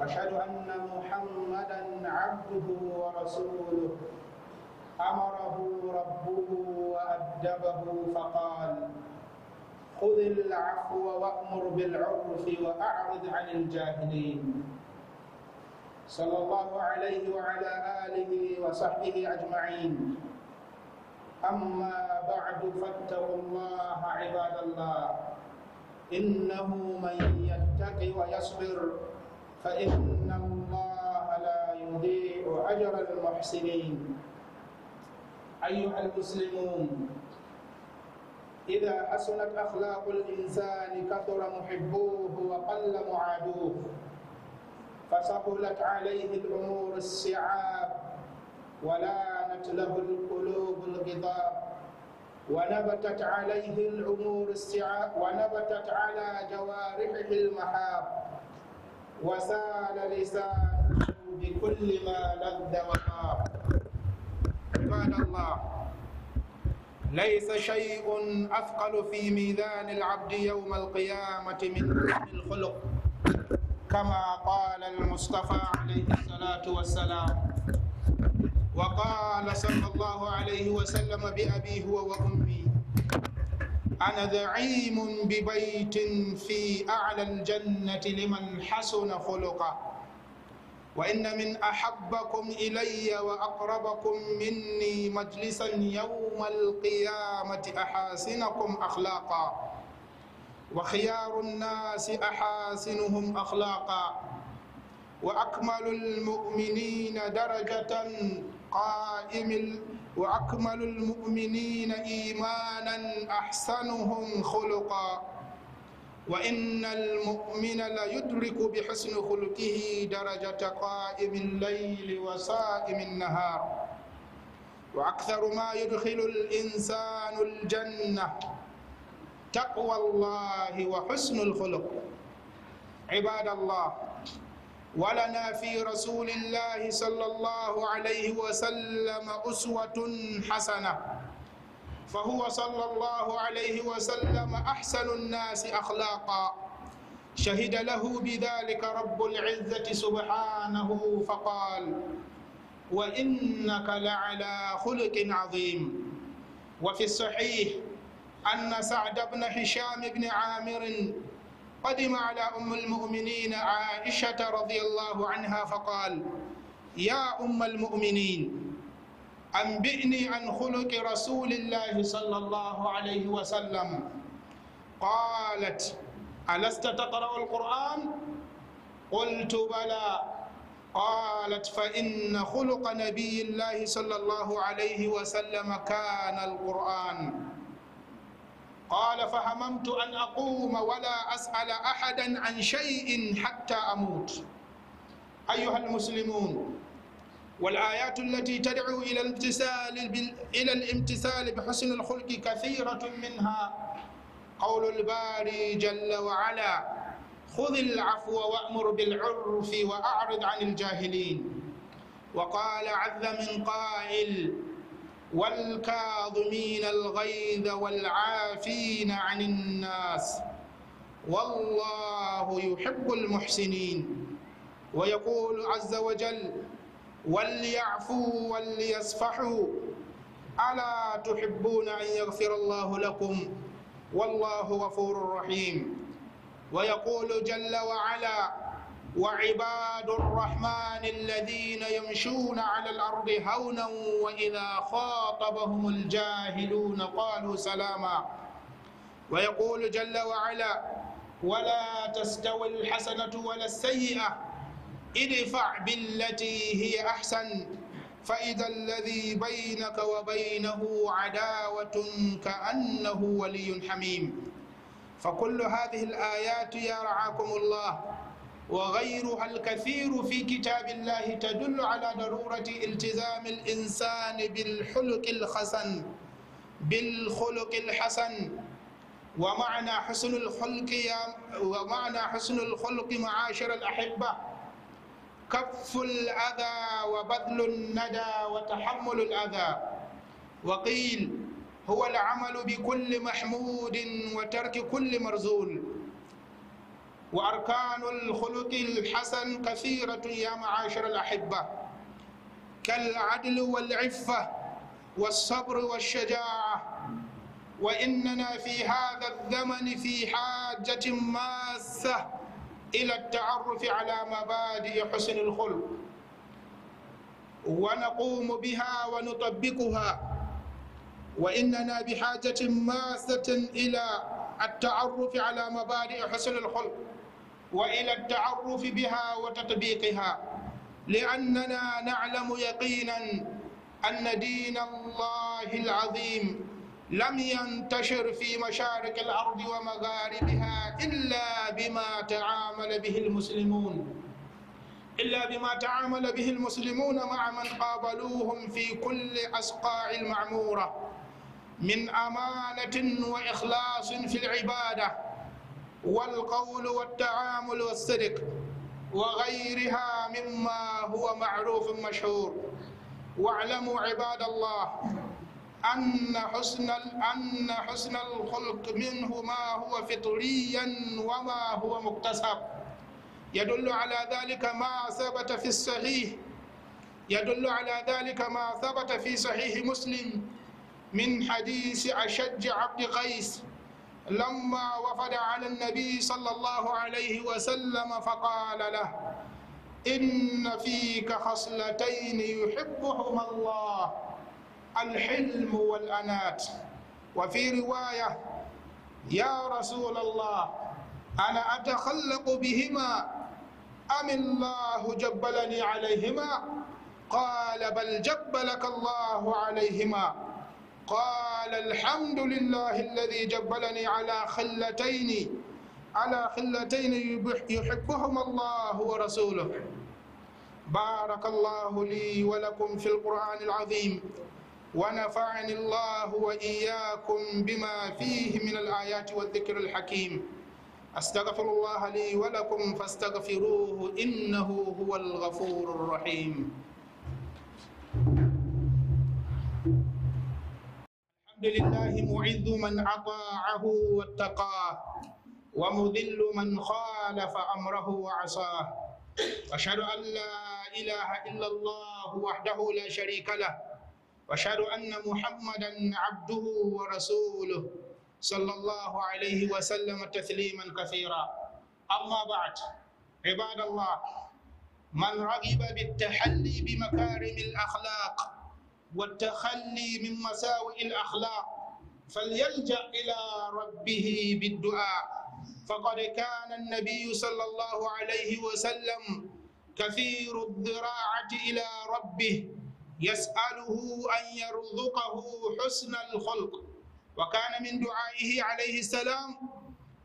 واشهد ان محمدا عبده ورسوله امره ربه وادبه فقال خذ العفو وامر بالعرف واعرض عن الجاهلين صلى الله عليه وعلى اله وصحبه اجمعين اما بعد فاتقوا الله عباد الله انه من يتقي ويصبر فإن الله لا يضيع أجر المحسنين أيها المسلمون إذا حسنت أخلاق الإنسان كثر محبوه وقل معادوه فسهلت عليه الأمور السعاب ولانت له القلوب الغضاب ونبتت عليه الأمور السعاب ونبتت على جوارحه المحاب وسال لسانه بكل ما لذ وطاب عباد الله ليس شيء أثقل في ميزان العبد يوم القيامة من حسن الخلق كما قال المصطفى عليه الصلاة والسلام وقال صلى الله عليه وسلم بأبي هو وأمي أنا زعيم ببيت في أعلى الجنة لمن حسن خلقه وإن من أحبكم إلي وأقربكم مني مجلسا يوم القيامة أحاسنكم أخلاقا وخيار الناس أحاسنهم أخلاقا وأكمل المؤمنين درجة قائم واكمل المؤمنين ايمانا احسنهم خلقا وان المؤمن ليدرك بحسن خلقه درجه قائم الليل وسائم النهار واكثر ما يدخل الانسان الجنه تقوى الله وحسن الخلق عباد الله ولنا في رسول الله صلى الله عليه وسلم أسوة حسنة فهو صلى الله عليه وسلم أحسن الناس أخلاقا شهد له بذلك رب العزة سبحانه فقال وإنك لعلى خلق عظيم وفي الصحيح أن سعد بن هشام بن عامر قدم على أم المؤمنين عائشة رضي الله عنها فقال يا أم المؤمنين أنبئني عن خلق رسول الله صلى الله عليه وسلم قالت ألست تقرأ القرآن؟ قلت بلى قالت فإن خلق نبي الله صلى الله عليه وسلم كان القرآن قال فهممت أن أقوم ولا أسأل أحدا عن شيء حتى أموت أيها المسلمون والآيات التي تدعو إلى الامتثال إلى الامتثال بحسن الخلق كثيرة منها قول الباري جل وعلا خذ العفو وأمر بالعرف وأعرض عن الجاهلين وقال عذ من قائل والكاظمين الغيظ والعافين عن الناس والله يحب المحسنين ويقول عز وجل وليعفوا وليصفحوا ألا تحبون أن يغفر الله لكم والله غفور رحيم ويقول جل وعلا وعباد الرحمن الذين يمشون على الأرض هونا وإذا خاطبهم الجاهلون قالوا سلاما ويقول جل وعلا ولا تستوي الحسنة ولا السيئة ادفع بالتي هي أحسن فإذا الذي بينك وبينه عداوة كأنه ولي حميم فكل هذه الآيات يا رعاكم الله وغيرها الكثير في كتاب الله تدل على ضرورة التزام الإنسان بالخلق الحسن بالخلق الحسن ومعنى حسن الخلق يا ومعنى حسن الخلق معاشر الأحبة كف الأذى وبذل الندى وتحمل الأذى وقيل هو العمل بكل محمود وترك كل مرزول وأركان الخلق الحسن كثيرة يا معاشر الأحبة كالعدل والعفة والصبر والشجاعة وإننا في هذا الزمن في حاجة ماسة إلى التعرف على مبادئ حسن الخلق ونقوم بها ونطبقها وإننا بحاجة ماسة إلى التعرف على مبادئ حسن الخلق والى التعرف بها وتطبيقها لاننا نعلم يقينا ان دين الله العظيم لم ينتشر في مشارق الارض ومغاربها الا بما تعامل به المسلمون الا بما تعامل به المسلمون مع من قابلوهم في كل اصقاع المعموره من امانه واخلاص في العباده والقول والتعامل والصدق وغيرها مما هو معروف مشهور واعلموا عباد الله أن حسن أن حسن الخلق منه ما هو فطريا وما هو مكتسب يدل على ذلك ما ثبت في الصحيح يدل على ذلك ما ثبت في صحيح مسلم من حديث أشج عبد قيس لما وفد على النبي صلى الله عليه وسلم فقال له إن فيك خصلتين يحبهما الله الحلم والأنات وفي رواية يا رسول الله أنا أتخلق بهما أم الله جبلني عليهما قال بل جبلك الله عليهما قال الحمد لله الذي جبلني على خلتين على خلتين يحبهما الله ورسوله بارك الله لي ولكم في القرآن العظيم ونفعني الله وإياكم بما فيه من الآيات والذكر الحكيم أستغفر الله لي ولكم فاستغفروه إنه هو الغفور الرحيم الحمد لله معز من أطاعه واتقاه ومذل من خالف أمره وعصاه أشهد أن لا إله إلا الله وحده لا شريك له وأشهد أن محمدا عبده ورسوله صلى الله عليه وسلم تسليما كثيرا أما بعد عباد الله من رغب بالتحلي بمكارم الأخلاق والتخلي من مساوئ الأخلاق فليلجأ إلى ربه بالدعاء فقد كان النبي صلى الله عليه وسلم كثير الذراعة إلى ربه يسأله أن يرزقه حسن الخلق وكان من دعائه عليه السلام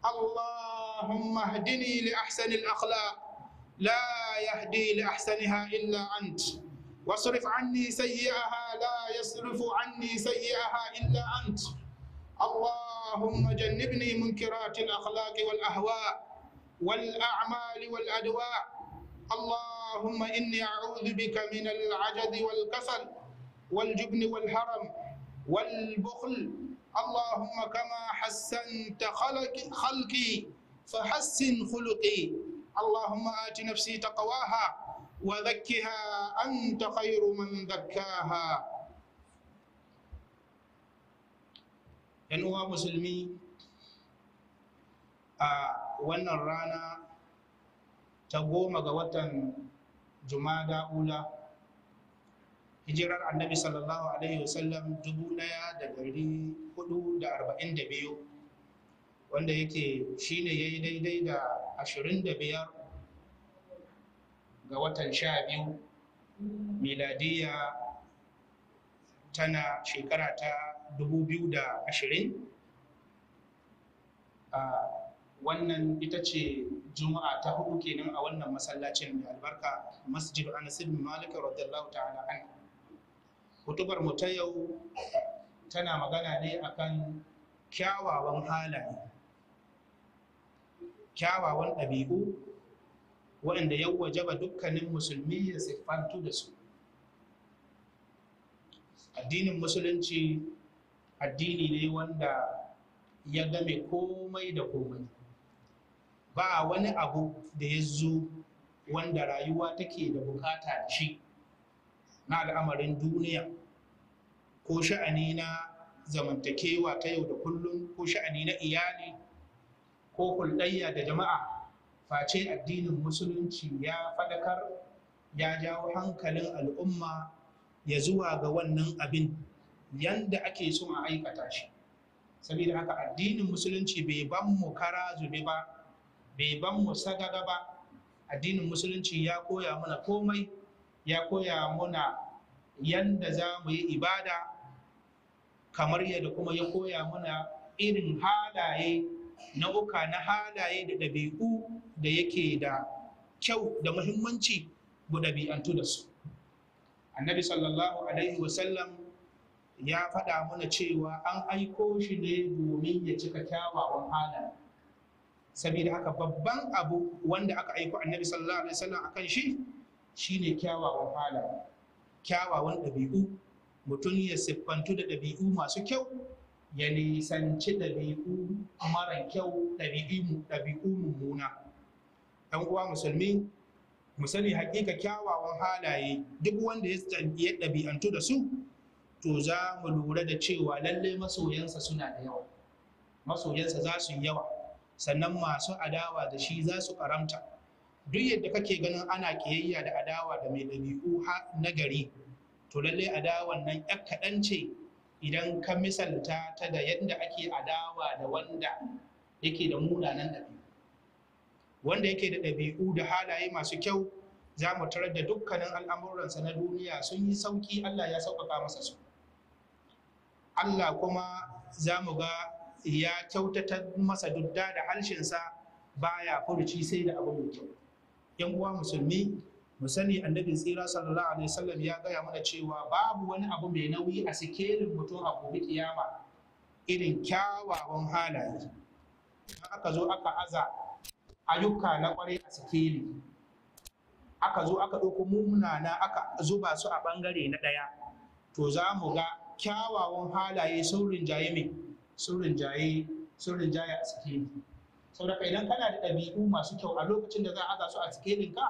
اللهم اهدني لأحسن الأخلاق لا يهدي لأحسنها إلا أنت واصرف عني سيئها لا يصرف عني سيئها إلا أنت اللهم جنبني منكرات الأخلاق والأهواء والأعمال والأدواء اللهم إني أعوذ بك من العجز والكسل والجبن والهرم والبخل اللهم كما حسنت خلقي فحسن خلقي اللهم آت نفسي تقواها وذكها أنت خير من ذكاها ‘yan uwa musulmi a wannan rana ta goma ga watan jumada ula hijirar annabi sallallahu alaihi wasallam dubu ɗaya da dari hudu da arba'in da biyu wanda yake shine ya yi daidai da ashirin da biyar ga watan sha biyu miladiyya tana shekara ta da 2020 wannan ita ce juma'a ta hudu kenan a wannan masallacin mai albarka masjid anas ibn malik radiyallahu ta'ala an hutubar mu ta yau tana magana ne akan kyawawan halaye kyawawan ɗabi'u waɗanda ya waje ba dukkanin musulmi ya siffantu da su addinin musulunci addini ne wanda ya game komai da komai ba wani abu da ya zo wanda rayuwa take da bukata shi na al'amarin duniya ko sha'ani na zamantakewa ta yau da kullum ko sha'ani na iyali ko hulɗayya da jama'a face addinin musulunci ya fadakar ya jawo hankalin al'umma ya zuwa ga wannan abin yanda ake so a aikata shi saboda haka addinin musulunci bai ban mu kara zube ba bai ban mu sagaga ba addinin musulunci ya koya mana komai ya koya mana yanda za mu yi ibada kamar yadda kuma ya koya mana irin halaye uka na halaye da ɗabi'u da yake da kyau da muhimmanci ku ɗabi'antu da su annabi sallallahu alaihi wasallam ya faɗa mana cewa an aiko shi ne domin ya cika kyawawan halaye saboda haka babban abu wanda aka aiko annabi sallallahu alaihi wasallam akan shi shine kyawawan halaye kyawawan ɗabi'u mutum ya siffantu da ɗabi'u masu kyau ya nisanci ɗabi'u mara kyau ɗabi'u mummuna ɗan uwa musulmi mu sani hakika kyawawan halaye duk wanda ya ɗabi'antu da su to za mu lura da cewa lalle masoyansa suna da yawa masoyansa za su yi yawa sannan masu adawa da shi za su karamta duk yadda kake ganin ana kiyayya da adawa da mai ɗabi'u nagari to lalle adawan nan 'yan kaɗan ce idan ka misalta ta da yadda ake adawa da wanda yake da munanan ɗabi'u wanda yake da ɗabi'u da halaye masu kyau za mu tarar da dukkanin al'amuransa na duniya sun yi sauki Allah ya sauƙaƙa masa su Allah kuma za mu ga ya kyautata masa dudda da harshensa baya furuci sai da abu mai kyau yan uwa musulmi mu sani annabi tsira sallallahu alaihi wasallam ya gaya mana cewa babu wani abu mai nauyi a sikelin mutum a gobe kiyama irin kyawawan halaye aka zo aka aza ayyuka na kwarai a sikeli aka zo aka ɗauko munana aka zuba su a ɓangare na ɗaya to za mu ga kyawawan halaye sun rinjaye mai sun rinjaye sun rinjaye a sikeli saboda idan kana da ɗabi'u masu kyau a lokacin da za a aza su a sikelin ka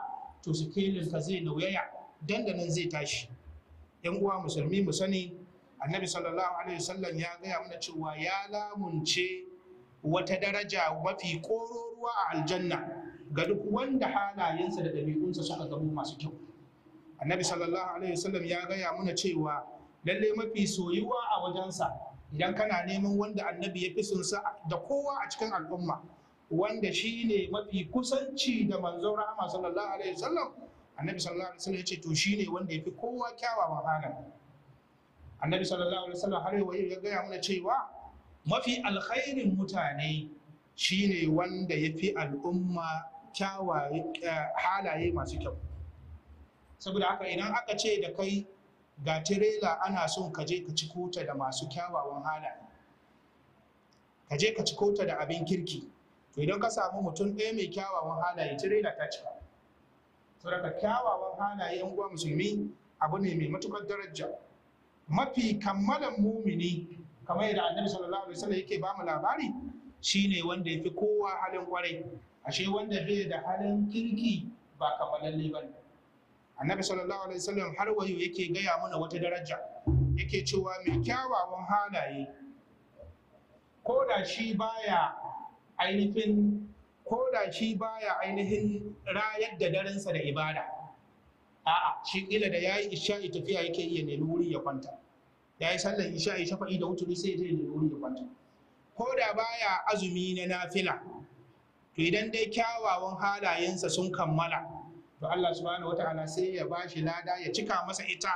to sikilin ka zai nauyaya dandanan zai tashi yan uwa musulmi mu sani annabi sallallahu alaihi wasallam ya gaya mana cewa ya lamunce wata daraja mafi kororuwa a aljanna ga duk wanda halayensa da ɗabi'unsa suka zama masu kyau annabi sallallahu alaihi wasallam ya gaya mana cewa lalle mafi soyuwa a wajensa idan kana neman wanda annabi ya fi sunsa da kowa a cikin al'umma wanda shine mafi kusanci da manzon rahama sallallahu alaihi wasallam annabi sallallahu alaihi wasallam yace to shine wanda yafi kowa kyawawan halin annabi sallallahu alaihi wasallam har yau ya gaya mana cewa mafi alkhairin mutane shine wanda yafi al'umma kyawa halaye masu kyau saboda haka idan aka ce da kai ga tirela ana son ka je ka ci kota da masu kyawawan halaye ka je ka ci kota da abin kirki to idan ka samu mutum ɗaya mai kyawawan halaye tirela ta cika daga kyawawan halaye yan uwa musulmi abu ne mai matukar daraja mafi kammalan mumini kamar yadda annabi sallallahu alaihi wasallam yake bamu labari shine wanda yafi kowa halin kwarai ashe wanda bai da halin kirki ba kammalalle ba annabi sallallahu alaihi wasallam har wayo yake gaya mana wata daraja yake cewa mai kyawawan halaye ko da shi baya ainihin koda shi baya ainihin rayar da darensa da ibada a'a shi kila da yayi isha'i tafiya yake iya ne wuri ya kwanta yayi sallar isha'i shafa'i da wuturi sai zai ne wuri ya kwanta ko baya azumi na nafila to idan dai kyawawan halayensa sun kammala to Allah subhanahu wataala sai ya bashi lada ya cika masa ita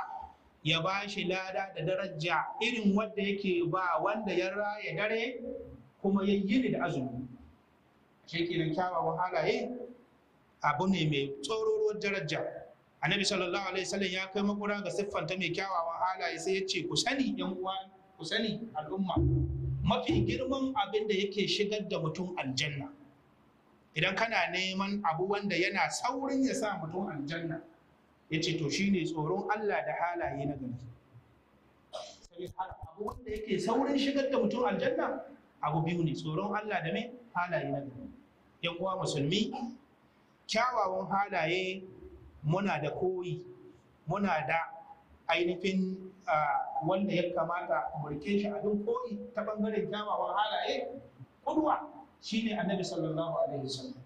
ya ba shi lada da daraja irin wanda yake ba wanda ya raya dare kuma ya da azumi shekinan kyawawan halaye abu ne mai tsororon daraja annabi sallallahu alaihi wasallam ya kai makura ga siffanta mai kyawawan halaye sai ya ce ku sani yan uwa ku sani al'umma mafi girman abin da yake shigar da mutum aljanna idan kana neman abu wanda yana saurin ya sa mutum aljanna ya ce to shine tsoron Allah da halaye na gari abu wanda yake saurin shigar da mutum aljanna abu biyu ne tsoron Allah da mai halaye na gari yan uwa musulmi kyawawan halaye muna da koyi muna da ainihin wanda ya kamata murke shi abin koyi ta bangaren kyawawan halaye kudwa shine annabi sallallahu alaihi wasallam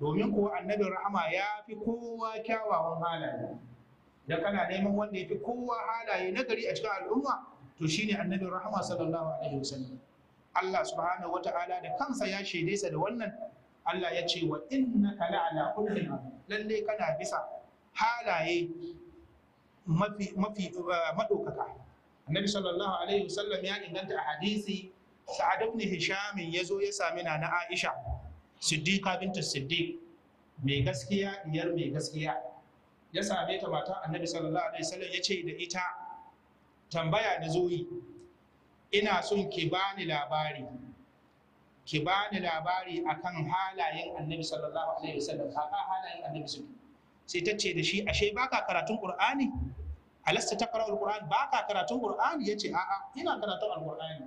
domin kuwa annabi rahama ya fi kowa kyawawan halaye da kana neman wanda ya fi kowa halaye na gari a cikin al'umma to shine annabi rahama sallallahu alaihi wasallam Allah subhanahu wata'ala da kansa ya shaidaisa da wannan Allah ya ce wa innaka la'ala kullin lalle kana bisa halaye mafi mafi eh, madaukaka annabi sallallahu alaihi wasallam ya inganta a hadisi sa'ad ibn hisham ya zo ya sami na na aisha siddiqa bintu siddiq mai gaskiya diyar mai gaskiya ya same ta mata annabi sallallahu alaihi wasallam ya ce da ita tambaya na zoyi ina son ki bani labari ki bani labari akan halayen annabi sallallahu alaihi wasallam haka halayen annabi suke sai ta ce da shi ashe baka karatun qur'ani alasta ta karatu alqur'ani baka karatun qur'ani yace a'a ina karatun alqur'ani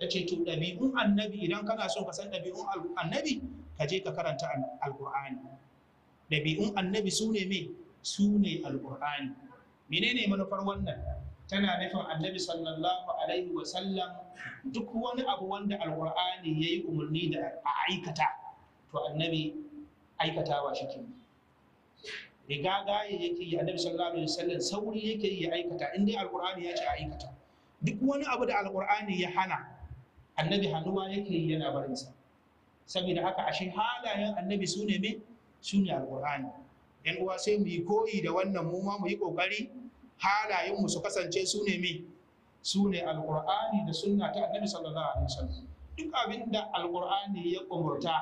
tace to dabi'un annabi idan kana so ka san dabi'un annabi ka je ka karanta alqur'ani dabi'un annabi sune me sune alqur'ani menene manufar wannan tana nufin annabi sallallahu alaihi wa sallam duk wani abu wanda alqur'ani yayi umarni da a aikata to annabi aikatawa shike riga gaye yake yi annabi sallallahu alaihi wa sallam sauri yake yi aikata in dai alqur'ani ya ce a aikata duk wani abu da alqur'ani ya hana annabi hannuwa yake yi yana barinsa saboda haka ashe halayen annabi su ne me su ne alqur'ani yan uwa sai mu yi koyi da wannan mu ma mu yi kokari halayenmu su kasance su ne me su ne alƙur'ani da sunna ta annabi sallallahu alaihi wasallam duk abin da alƙur'ani ya umurta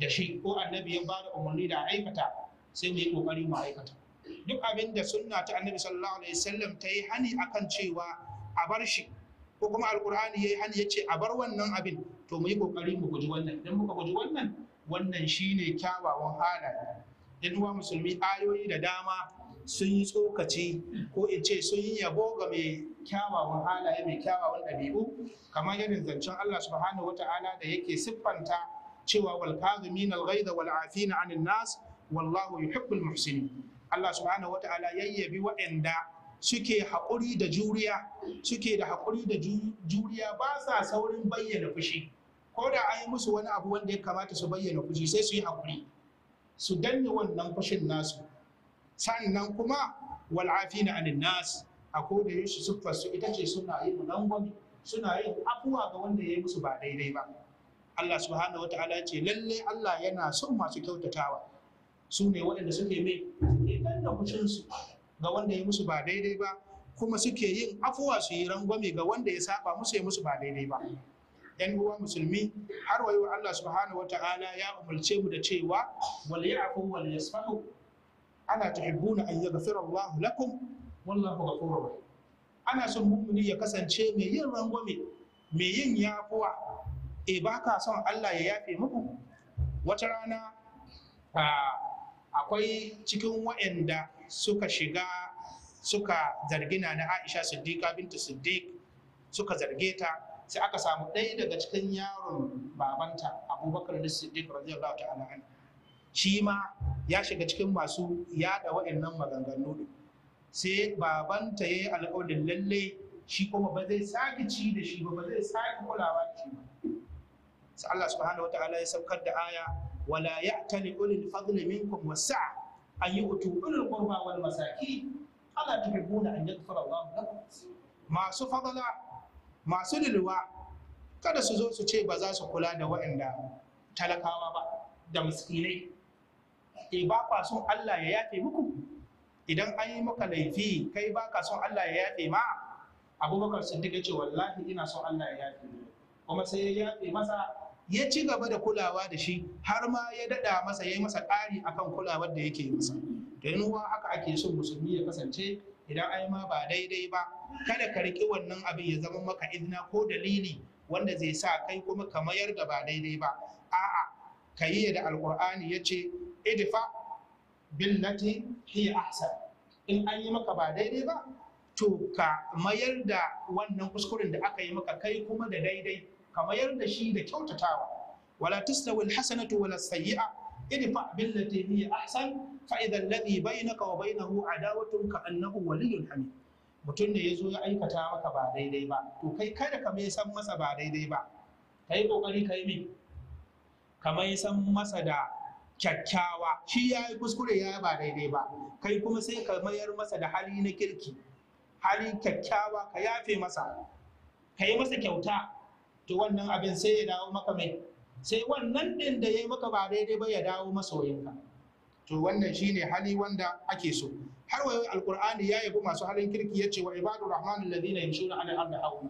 da shi ko annabi ya bada umarni da aikata sai mu yi ƙoƙari mu aikata duk abin da sunna ta annabi sallallahu alaihi wasallam ta yi hani akan cewa a bar shi ko kuma alkur'ani ya yi hani ya ce a bar wannan abin to mu yi kokari mu guji wannan idan muka guji wannan wannan shine kyawawan halaye yan uwa musulmi ayoyi da dama sun yi tsokaci ko in ce sun yi yabo ga mai kyawawan halaye mai kyawawan ɗabi'u kamar yadda zancen Allah subhanahu wata'ala da yake siffanta cewa wal kazimin al da wal afina anin nas wallahu yuhibbul muhsinin Allah subhanahu wata'ala yayyabi wa'anda suke haƙuri da juriya suke da haƙuri da juriya ba sa saurin bayyana fushi ko da an yi musu wani abu wanda ya kamata su bayyana fushi sai su yi haƙuri su danne wannan fushin nasu sannan kuma wal'afi na anin a koda yaushe siffar su ita ce suna yin rangwame suna yin afuwa ga wanda ya yi musu ba daidai ba Allah subhanahu wa ta'ala ce lalle Allah yana son masu kyautatawa su ne waɗanda suke mai suke danna kucinsu ga wanda ya musu ba daidai ba kuma suke yin afuwa su yi rangwame ga wanda ya saba musu ya musu ba daidai ba yan uwa musulmi har wayo Allah subhanahu wa ta'ala ya umarce mu da cewa wal ya'fu wal yasfahu ana tuhibbuna an yaghfira Allah lakum wallahu ghafurur ba? ana son mummuni ya kasance mai yin rangwame mai yin yafuwa e ba ka son Allah ya yafe muku wata rana akwai cikin waɗanda suka shiga suka zargina na Aisha Siddiqa binta Siddiq suka zarge ta sai aka samu ɗaya daga cikin yaron babanta Abubakar Siddiq radiyallahu ta'ala anhu shi ma ya shiga cikin masu yada waɗannan maganganu sai babanta ya yi alƙawarin lalle shi kuma ba zai sake ci da shi ba ba zai sake kulawa da shi ba sai Allah subhanahu wataala ya saukar da aya wala ya'tali ulil fadli minkum wasa'a an yu'tu ulil qurba wal masakin ala tuhibbuna an yaghfira Allah lakum masu fadala masu lilwa kada su zo su ce ba za su kula da waɗanda talakawa ba da miskinai Eh ba kwa son Allah ya yafe muku idan an yi maka laifi kai ba ka son Allah ya yafe ma abubakar sun ya ce wallahi ina son Allah ya yafe kuma sai ya yafe masa ya ci gaba da kulawa da shi har ma ya dada masa ya yi masa ƙari akan kulawar da yake masa da yanuwa haka ake son musulmi ya kasance idan ai ma ba daidai ba kada ka riƙi wannan abin ya zama maka izina ko dalili wanda zai sa kai kuma ka mayar da ba daidai ba a'a ka yi da alkur'ani ya ce idifa billati hiya ahsan in an yi maka ba daidai ba to ka mayar da wannan kuskuren da aka yi maka kai kuma da daidai ka mayar da shi da kyautatawa wala tastawi alhasanatu wala sayyi'a idfa billati hiya ahsan fa idha alladhi bainaka wa bainahu adawatun ka annahu waliyyun hamid mutum ne ya zo ya aikata maka ba daidai ba to kai kada ka mai san masa ba daidai ba kai kokari kai mai kamar san masa da kyakkyawa shi ya yi kuskure ya ba daidai ba kai kuma sai ka mayar masa da hali na kirki hali kyakkyawa ka yafe masa ka yi masa kyauta to wannan abin sai ya dawo maka mai sai wannan din da ya yi maka ba daidai ba ya dawo masoyinka to wannan shine hali wanda ake so har wayo alqur'ani ya yabi masu halin kirki ya ce wa ibadur rahmanul ladina yamshuna 'ala al-ardi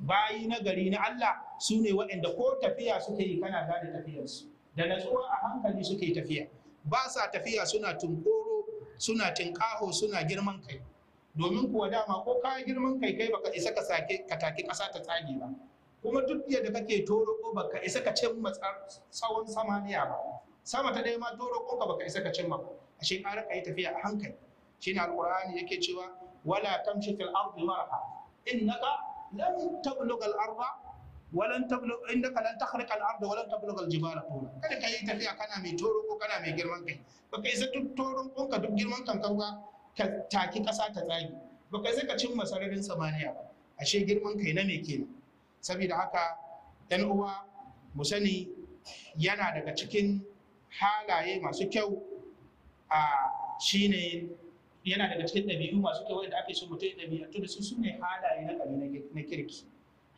bayi na gari na Allah su ne waɗanda ko tafiya suke yi kana gane tafiyarsu da natsuwa a hankali suke tafiya ba sa tafiya suna tunkoro suna tinkaho suna girman kai domin kuwa dama ko ka girman kai kai baka isa ka sake ka take ƙasa ta tsage ba kuma duk yadda kake toro ko baka isa ka cimma tsawon samaniya ba sama ta dai ma toro ko ka baka isa ka cimma ba ashe ƙara kai tafiya a hankali shine alqur'ani yake cewa wala tamshi fil ardi marha innaka lam tablugh al-arda walan tablugh indaka lan takhriqa al-arda walan tablugh al-jibala tawla tafiya kana mai toro ko kana mai girman kai baka isa duk toron ka duk girman kan ka taki kasa ta tsagi baka isa cimma sararin samaniya ashe girman kai na me kenan saboda haka yan uwa mu sani yana daga cikin halaye masu kyau a shine yana daga cikin ɗabi'u masu kyau wanda ake so mutum ya da su su ne halaye na gari na kirki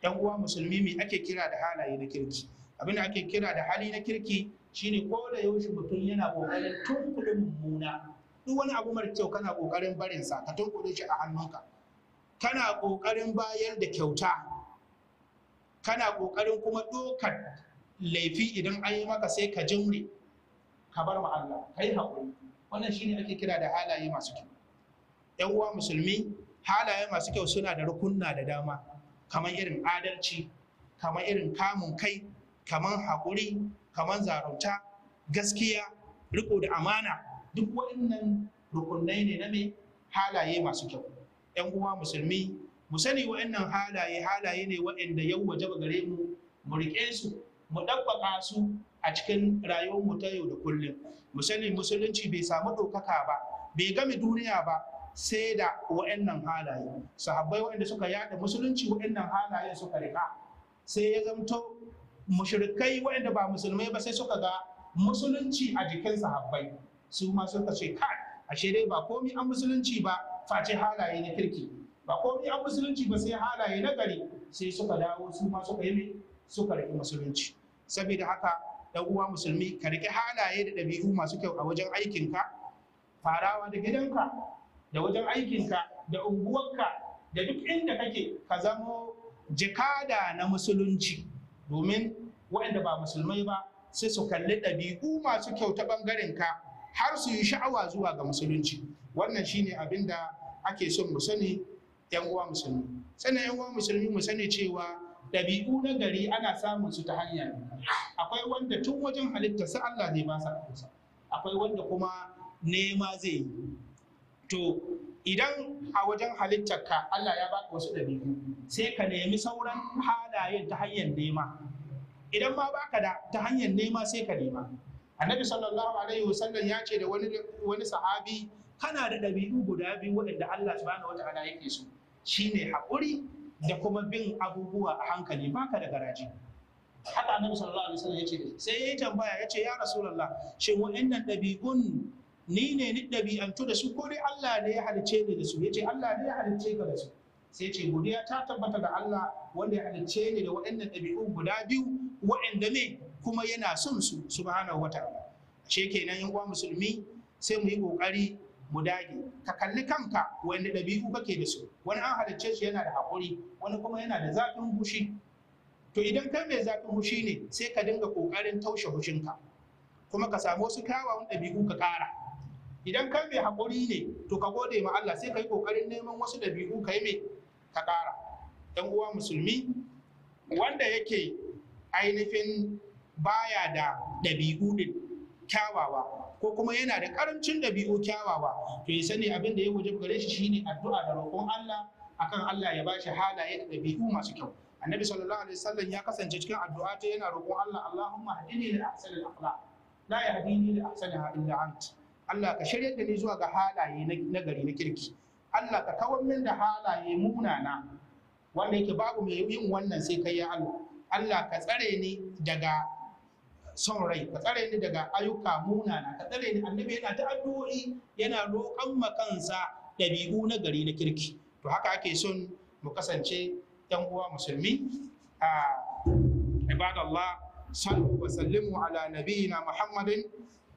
yan uwa musulmi me ake kira da halaye na kirki abin da ake kira da hali na kirki shine ko da yaushe mutum yana kokarin tunkulin mummuna duk wani abu mara kyau kana kokarin barin sa ka tunkuɗe shi a hannunka kana kokarin bayar da kyauta kana kokarin kuma ɗaukar laifi idan an yi maka sai ka jimre ka bar ma Allah kai haƙuri wannan shine ake kira da halaye masu kyau 'yan uwa musulmi halaye masu kyau suna da rukunna da dama kamar irin adalci kamar irin kamun kai kamar haƙuri kamar zarauta, gaskiya riko da amana duk waɗannan rukunai ne na mai halaye masu kyau 'yan uwa musulmi mu sani waɗannan halaye halaye ne waɗanda yau waje gare mu mu riƙe su mu ɗabbaka su a cikin rayuwar mu ta yau da kullum mu sani musulunci bai samu ɗaukaka ba bai game duniya ba sai da wa'annan halaye sahabbai wa'anda suka yada musulunci wa'annan halaye suka rika sai ya zamto mushrikai wa'anda ba musulmai ba sai suka ga musulunci a jikin sahabbai su ma suka ce kai ashe dai ba komi an musulunci ba face halaye na kirki ba komi an musulunci ba sai halaye na gari sai suka dawo su ma suka yi suka rike musulunci saboda haka dan uwa musulmi ka rike halaye da ɗabi'u masu kyau a wajen aikinka farawa da gidanka da wajen aikinka da unguwarka da duk inda kake ka zamo jikada na musulunci domin waɗanda ba musulmai ba sai su kalli ɗabi'u masu kyauta ta ka har su yi sha'awa zuwa ga musulunci wannan shine abin da ake son mu sani yan uwa musulmi sannan yan uwa musulmi mu sani cewa ɗabi'u na gari ana samun su ta hanya akwai wanda tun wajen halitta halittarsa Allah ne ba sa akwai wanda kuma nema zai yi to idan a wajen halittarka Allah ya baka wasu dabi'u sai ka nemi sauran halayen ta hanyar nema idan ma baka da ta hanyar nema sai ka nema annabi sallallahu alaihi wasallam ya ce da wani wani sahabi kana da ɗabi'u guda biyu waɗanda Allah subhanahu wata'ala yake so shine haƙuri da kuma bin abubuwa a hankali baka da garaji haka annabi sallallahu alaihi wasallam ya ce sai ya tambaya ya ce ya rasulullah shin wa'annan ɗabi'un ni ne ni ɗabi'antu da su ko dai Allah ne ya halice ni da su ya ce Allah ne ya halice ka da su sai ce godiya ta tabbata da Allah wanda ya halice ni da waɗannan ɗabi'un guda biyu waɗanda ne kuma yana son su subhanahu wata. ce kenan yan uwa musulmi sai mu yi kokari mu dage ka kalli kanka wanda ɗabi'u kake da su wani an halicce shi yana da haƙuri wani kuma yana da zafin hushi to idan kai mai zafin hushi ne sai ka dinga ƙoƙarin taushe hushinka kuma ka samu wasu kyawawan ɗabi'u ka ƙara idan kai mai haƙuri ne to ka gode ma Allah sai ka yi ƙoƙarin neman wasu dabi'u ka yi mai ka ƙara ɗan uwa musulmi wanda yake ainihin baya da ɗabi'u din kyawawa ko kuma yana da ƙarancin ɗabi'u kyawawa to ya sani abin da ya wajib gare shi shine addu'a da roƙon Allah akan Allah ya bashi halaye da ɗabi'u masu kyau annabi sallallahu alaihi wasallam ya kasance cikin addu'a ta yana roƙon Allah Allahumma hadini li ahsani al-akhlaq la yahdini li ahsani illa anta Allah ka shirya da ni zuwa ga halaye na gari na kirki Allah ka kawar min da halaye munana wanda yake babu mai yin wannan sai kai ya Allah Allah ka tsare ni daga son rai ka tsare ni daga ayyuka munana ka tsare ni annabi yana ta addu'o'i yana roƙon makansa ɗabi'u na gari na kirki to haka ake son mu kasance ɗan uwa musulmi a ibadallah sallu wa sallimu ala nabiyina muhammadin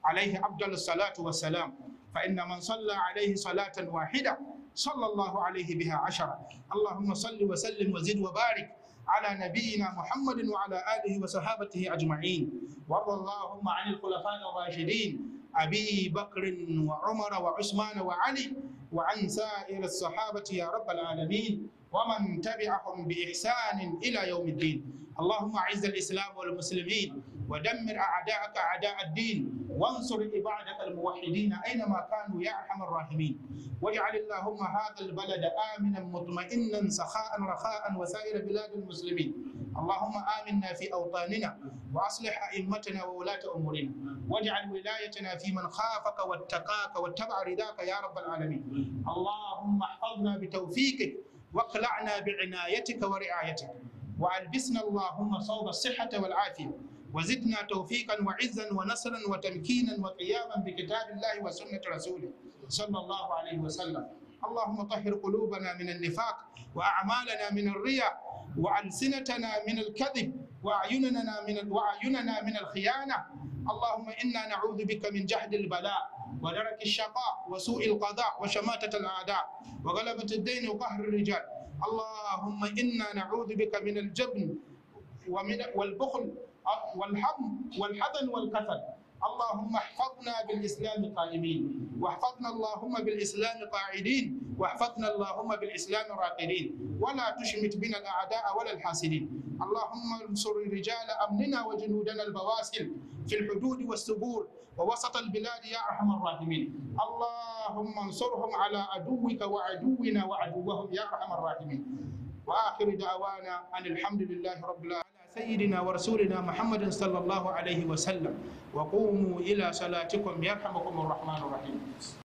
عليه أفضل الصلاة والسلام فإن من صلى عليه صلاة واحدة صلى الله عليه بها عشرة اللهم صل وسلم وزد وبارك على نبينا محمد وعلى آله وصحابته أجمعين وارض اللهم عن الخلفاء الراشدين أبي بكر وعمر وعثمان وعلي وعن سائر الصحابة يا رب العالمين ومن تبعهم بإحسان إلى يوم الدين اللهم أعز الإسلام والمسلمين ودمر أعداءك أعداء الدين وانصر عبادك الموحدين اينما كانوا يا ارحم الراحمين واجعل اللهم هذا البلد امنا مطمئنا سخاء رخاء وسائر بلاد المسلمين اللهم امنا في اوطاننا واصلح ائمتنا وولاه امورنا واجعل ولايتنا في من خافك واتقاك واتبع رضاك يا رب العالمين اللهم احفظنا بتوفيقك واقلعنا بعنايتك ورعايتك والبسنا اللهم صوب الصحه والعافيه وزدنا توفيقا وعزا ونصرا وتمكينا وقياما بكتاب الله وسنة رسوله صلى الله عليه وسلم اللهم طهر قلوبنا من النفاق وأعمالنا من الرياء وألسنتنا من الكذب وأعيننا من وأعيننا من الخيانة اللهم إنا نعوذ بك من جهد البلاء ودرك الشقاء وسوء القضاء وشماتة الأعداء وغلبة الدين وقهر الرجال اللهم إنا نعوذ بك من الجبن ومن والبخل والحضن والحضن والقتل اللهم احفظنا بالاسلام قائمين واحفظنا اللهم بالاسلام قاعدين واحفظنا اللهم بالاسلام راقدين ولا تشمت بنا الاعداء ولا الحاسدين اللهم انصر رجال امننا وجنودنا البواسل في الحدود والسبور ووسط البلاد يا ارحم الراحمين اللهم انصرهم على عدوك وعدونا وعدوهم يا ارحم الراحمين واخر دعوانا ان الحمد لله رب العالمين سيدنا ورسولنا محمد صلى الله عليه وسلم وقوموا إلى صلاتكم يرحمكم الرحمن الرحيم